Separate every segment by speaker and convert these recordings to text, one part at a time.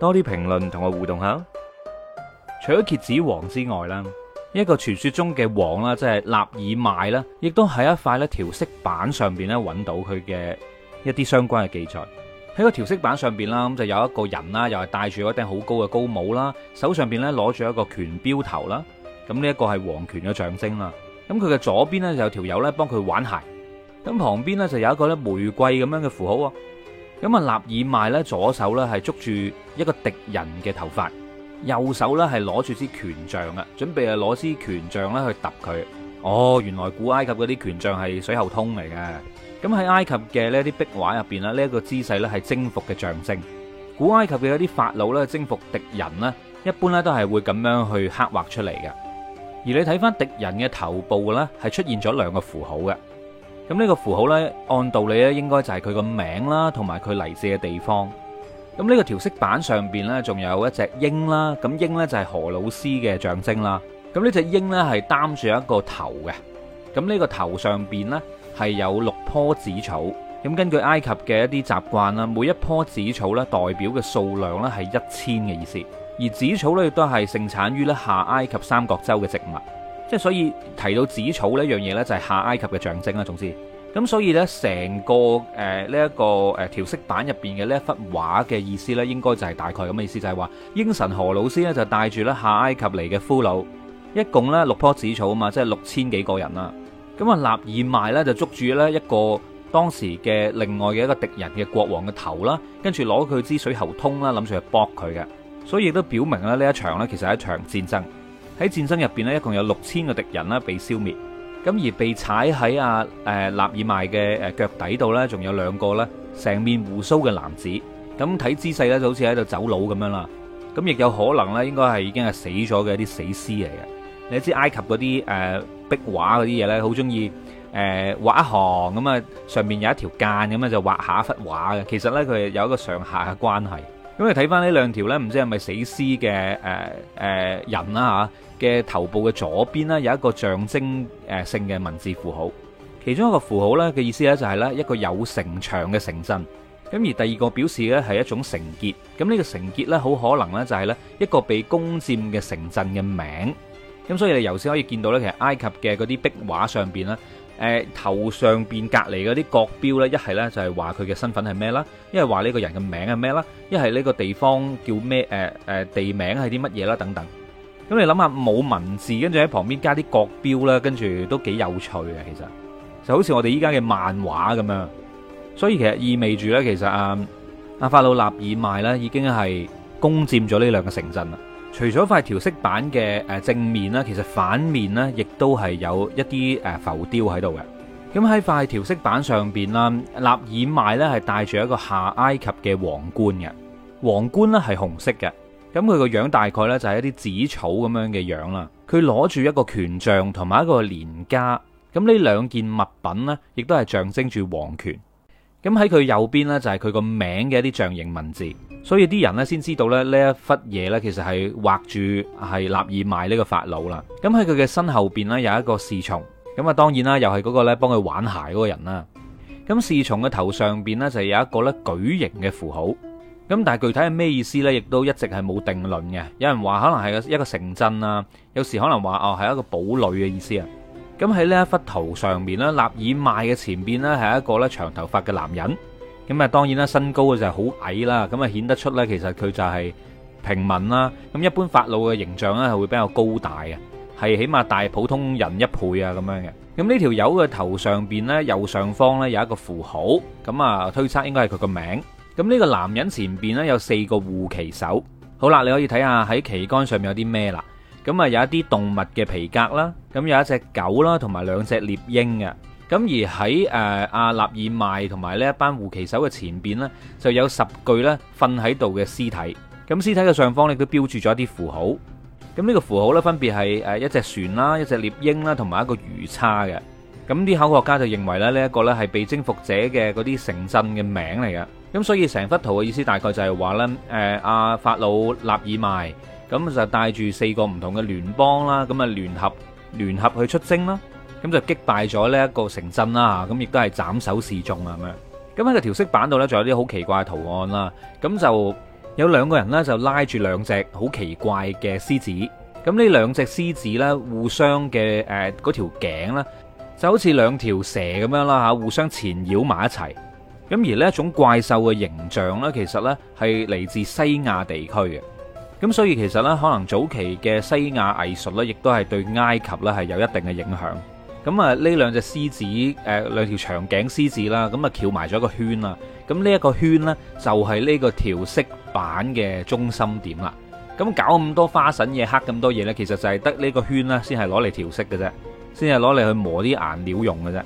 Speaker 1: 多啲評論同我互動下。除咗蠍子王之外啦，一個傳說中嘅王啦，即係納爾邁啦，亦都喺一塊咧調色板上邊咧揾到佢嘅一啲相關嘅記載。喺個調色板上邊啦，咁就有一個人啦，又係戴住一頂好高嘅高帽啦，手上邊咧攞住一個權標頭啦。咁呢一個係王權嘅象徵啦。咁佢嘅左邊咧就有條友咧幫佢挽鞋。咁旁邊咧就有一個咧玫瑰咁樣嘅符號。咁啊，納爾邁咧左手咧係捉住一個敵人嘅頭髮，右手咧係攞住支權杖啊，準備啊攞支權杖咧去揼佢。哦，原來古埃及嗰啲權杖係水喉通嚟嘅。咁喺埃及嘅呢啲壁畫入邊啦，呢一個姿勢咧係征服嘅象徵。古埃及嘅嗰啲法老咧征服敵人呢一般咧都係會咁樣去刻畫出嚟嘅。而你睇翻敵人嘅頭部咧，係出現咗兩個符號嘅。咁呢個符號呢，按道理咧，應該就係佢個名啦，同埋佢嚟自嘅地方。咁、這、呢個調色板上邊呢，仲有一隻鷹啦。咁鷹呢，就係荷魯斯嘅象徵啦。咁呢隻鷹呢，係擔住一個頭嘅。咁、這、呢個頭上邊呢，係有六棵紫草。咁根據埃及嘅一啲習慣啦，每一棵紫草咧代表嘅數量咧係一千嘅意思。而紫草呢，亦都係盛產於咧下埃及三角洲嘅植物。即係所以提到紫草呢一樣嘢呢，就係下埃及嘅象徵啦。總之，咁所以呢，成、呃這個誒呢一個誒調色板入邊嘅呢一幅畫嘅意思呢，應該就係大概咁嘅意思，就係、是、話鷹神荷魯斯呢，就帶住呢下埃及嚟嘅俘虜，一共呢六棵紫草啊嘛，即係六千幾個人啦。咁啊納爾邁呢，就捉住呢一個當時嘅另外嘅一個敵人嘅國王嘅頭啦，跟住攞佢支水喉通啦，諗住去搏佢嘅。所以亦都表明咧呢一場呢，其實係一場戰爭。喺戰爭入邊咧，一共有六千個敵人啦被消滅，咁而被踩喺阿誒納爾邁嘅誒腳底度咧，仲有兩個咧，成面胡鬚嘅男子，咁睇姿勢咧，就好似喺度走佬咁樣啦，咁亦有可能咧，應該係已經係死咗嘅一啲死屍嚟嘅。你知埃及嗰啲誒壁畫嗰啲嘢咧，好中意誒畫一行咁啊，上面有一條間咁啊，就畫下一忽畫嘅。其實咧，佢係有一個上下嘅關係。咁你睇翻呢兩條咧，唔知係咪死屍嘅誒誒人啦、啊、嚇？嘅頭部嘅左邊啦，有一個象徵誒性嘅文字符號，其中一個符號咧嘅意思咧就係咧一個有城牆嘅城鎮，咁而第二個表示咧係一種繩結，咁呢個繩結咧好可能咧就係咧一個被攻佔嘅城鎮嘅名，咁所以你由此可以見到咧，其實埃及嘅嗰啲壁畫上邊咧，誒頭上邊隔離嗰啲角標咧，一係咧就係話佢嘅身份係咩啦，一係話呢個人嘅名係咩啦，一係呢個地方叫咩誒誒地名係啲乜嘢啦等等。咁你諗下冇文字，跟住喺旁邊加啲國標啦，跟住都幾有趣嘅。其實，就好似我哋依家嘅漫畫咁樣。所以其實意味住呢，其實阿阿、啊、法老納爾邁呢已經係攻佔咗呢兩個城鎮啦。除咗塊調色板嘅正面呢，其實反面呢亦都係有一啲浮雕喺度嘅。咁喺塊調色板上面啦，納爾邁呢係戴住一個下埃及嘅王冠嘅，王冠呢係紅色嘅。咁佢個樣大概呢，就係一啲紫草咁樣嘅樣啦。佢攞住一個權杖同埋一個連枷，咁呢兩件物品呢，亦都係象徵住皇權。咁喺佢右邊呢，就係佢個名嘅一啲象形文字，所以啲人呢，先知道咧呢一忽嘢呢，其實係畫住係納爾邁呢個法老啦。咁喺佢嘅身後面呢，有一個侍從，咁啊當然啦又係嗰個呢幫佢玩鞋嗰個人啦。咁侍從嘅頭上面呢，就有一個呢矩形嘅符號。咁但係具體係咩意思呢？亦都一直係冇定論嘅。有人話可能係一個城鎮啊，有時可能話哦係一個堡壘嘅意思啊。咁喺呢一幅圖上面呢，納爾邁嘅前邊呢係一個咧長頭髮嘅男人。咁啊，當然啦，身高就係好矮啦。咁啊，顯得出呢，其實佢就係平民啦。咁一般法老嘅形象呢係會比較高大嘅，係起碼大普通人一倍啊咁樣嘅。咁呢條友嘅頭上邊呢，右上方呢，有一個符號，咁啊推測應該係佢個名。咁呢個男人前邊咧有四個護旗手。好啦，你可以睇下喺旗杆上面有啲咩啦。咁啊，有一啲動物嘅皮革啦，咁有一隻狗啦，同埋兩隻獵鷹嘅。咁而喺誒阿納爾邁同埋呢一班護旗手嘅前邊咧，就有十具咧瞓喺度嘅屍體。咁屍體嘅上方亦都標注咗一啲符號。咁呢個符號咧分別係誒一隻船啦、一隻獵鷹啦，同埋一個魚叉嘅。咁啲考古學家就認為咧呢一個咧係被征服者嘅嗰啲城鎮嘅名嚟嘅。咁所以成幅圖嘅意思大概就係話呢，誒、呃、阿法魯納爾邁咁就帶住四個唔同嘅聯邦啦，咁啊聯合聯合去出征啦，咁就擊敗咗呢一個城鎮啦，咁亦都係斬首示眾啊咁樣。咁喺個調色板度呢，仲有啲好奇怪嘅圖案啦。咁就有兩個人呢，就拉住兩隻好奇怪嘅獅子，咁呢兩隻獅子呢、那個，互相嘅誒嗰條頸呢就好似兩條蛇咁樣啦吓，互相纏繞埋一齊。咁而呢一種怪獸嘅形象呢，其實呢係嚟自西亞地區嘅。咁所以其實呢，可能早期嘅西亞藝術呢，亦都係對埃及呢係有一定嘅影響。咁啊，呢兩隻獅子，誒兩條長頸獅子啦，咁啊翹埋咗個圈啦。咁呢一個圈呢，這個、圈就係呢個調色板嘅中心點啦。咁搞咁多花臣、嘢，刻咁多嘢呢，其實就係得呢個圈啦，先係攞嚟調色嘅啫，先係攞嚟去磨啲顏料用嘅啫。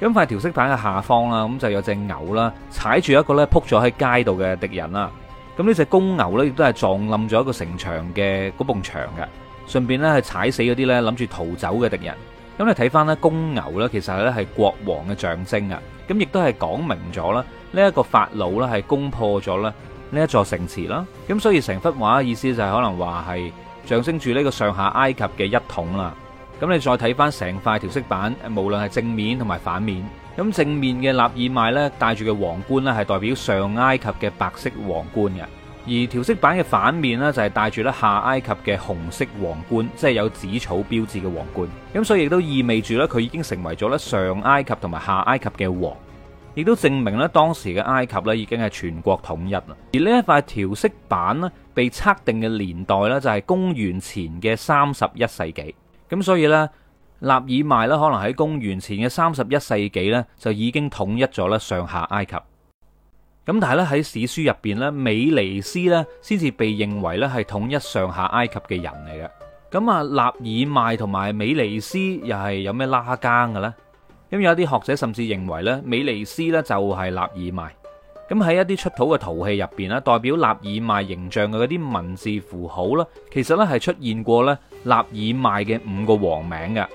Speaker 1: 咁塊調色板嘅下方啦，咁就有隻牛啦，踩住一個咧扑咗喺街度嘅敵人啦。咁呢隻公牛咧，亦都係撞冧咗一個城牆嘅嗰埲牆嘅，順便咧係踩死嗰啲咧諗住逃走嘅敵人。咁你睇翻咧，公牛咧其實咧係國王嘅象徵啊。咁亦都係講明咗啦，呢一個法老咧係攻破咗咧呢一座城池啦。咁所以成幅畫嘅意思就係可能話係象徵住呢個上下埃及嘅一統啦。咁你再睇翻成塊調色板，無論係正面同埋反面。咁正面嘅納爾邁呢戴住嘅皇冠呢係代表上埃及嘅白色皇冠嘅；而調色板嘅反面呢就係帶住咧下埃及嘅紅色皇冠，即係有紫草標誌嘅皇冠。咁所以亦都意味住呢佢已經成為咗咧上埃及同埋下埃及嘅王，亦都證明呢當時嘅埃及呢已經係全國統一啦。而呢一塊調色板呢被測定嘅年代呢就係公元前嘅三十一世紀。咁所以呢，納爾邁咧可能喺公元前嘅三十一世紀呢，就已經統一咗咧上下埃及。咁但係咧喺史書入面呢，美尼斯呢先至被認為呢係統一上下埃及嘅人嚟嘅。咁啊，納爾邁同埋美尼斯又係有咩拉更嘅咧？咁有啲學者甚至認為呢，美尼斯呢就係納爾邁。咁喺一啲出土嘅陶器入邊啦，代表納爾邁形象嘅嗰啲文字符號啦，其實咧係出現過咧納爾邁嘅五個王名嘅，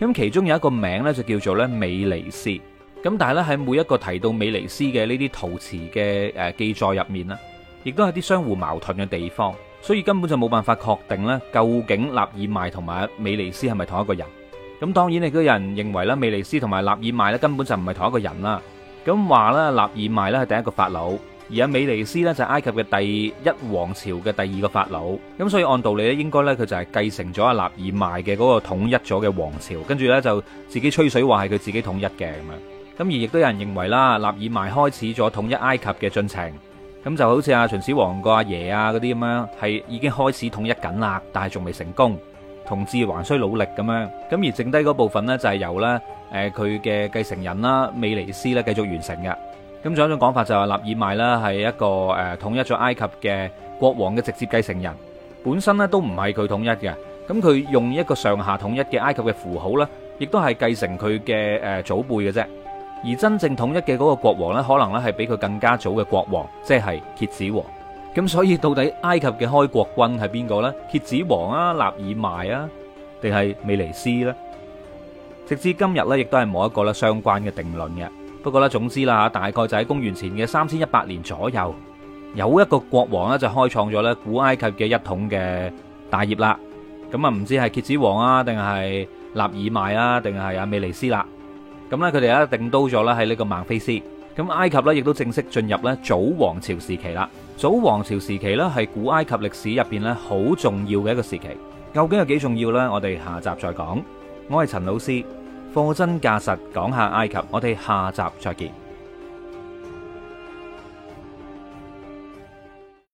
Speaker 1: 咁其中有一個名咧就叫做咧美尼斯，咁但係咧喺每一個提到美尼斯嘅呢啲陶瓷嘅誒記載入面啦，亦都係啲相互矛盾嘅地方，所以根本就冇辦法確定咧究竟納爾邁同埋美尼斯係咪同一個人？咁當然你都有人認為咧美尼斯同埋納爾邁咧根本就唔係同一個人啦。咁話咧，納爾邁咧係第一個法老，而阿美尼斯咧就係埃及嘅第一王朝嘅第二個法老。咁所以按道理咧，應該咧佢就係繼承咗阿納爾邁嘅嗰個統一咗嘅王朝，跟住咧就自己吹水話係佢自己統一嘅咁樣。咁而亦都有人認為啦，納爾邁開始咗統一埃及嘅進程，咁就好似阿秦始皇個阿爺啊嗰啲咁樣係已經開始統一緊啦，但係仲未成功。同志還需努力咁樣，咁而剩低嗰部分呢，就係由咧誒佢嘅繼承人啦，美尼斯咧繼續完成嘅。咁仲有一種講法就係納爾邁啦係一個誒統一咗埃及嘅國王嘅直接繼承人，本身呢都唔係佢統一嘅，咁佢用一個上下統一嘅埃及嘅符號咧，亦都係繼承佢嘅誒祖輩嘅啫。而真正統一嘅嗰個國王呢，可能呢係比佢更加早嘅國王，即係蠍子王。咁所以到底埃及嘅開國君係邊個咧？蠍子王啊、納爾邁啊，定係美尼斯咧？直至今日咧，亦都係冇一個咧相關嘅定論嘅。不過咧，總之啦吓，大概就喺公元前嘅三千一百年左右，有一個國王咧就開創咗咧古埃及嘅一統嘅大業啦。咁啊，唔知係蠍子王啊，定係納爾邁啊，定係阿美尼斯啦？咁咧，佢哋咧定都咗咧喺呢個孟菲斯。咁埃及咧，亦都正式進入咧早王朝時期啦。早王朝時期咧，係古埃及歷史入邊咧好重要嘅一個時期。究竟有幾重要呢？我哋下集再講。我係陳老師，貨真價實，講下埃及。我哋下集再見。